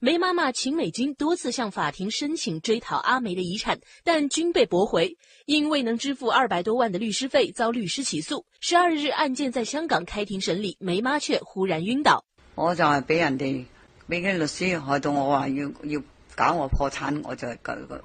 梅媽媽秦美金多次向法庭申請追討阿梅的遺產，但均被駁回。因未能支付二百多萬的律師費，遭律師起訴。十二日，案件在香港開庭審理，梅媽卻忽然暈倒。我就係俾人哋俾啲律師害到我話要要搞我破產，我就係咁個。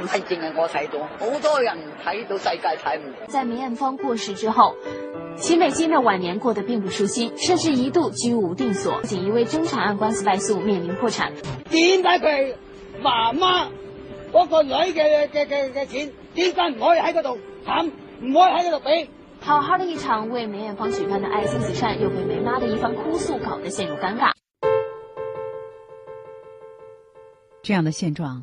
唔係淨係我睇到，好多人睇到世界睇唔明。在梅艷芳過世之後，覃美金的晚年過得並不舒心，甚至一度居無定所。錦衣衛爭產案官司敗訴，面臨破產。點解佢媽媽嗰，那個女嘅嘅嘅嘅錢點解唔可以喺嗰度談，唔可以喺嗰度俾？好好嘅一場為梅艷芳舉辦嘅愛心慈善，又被梅媽的一番哭訴搞得陷入尷尬。這樣的現狀。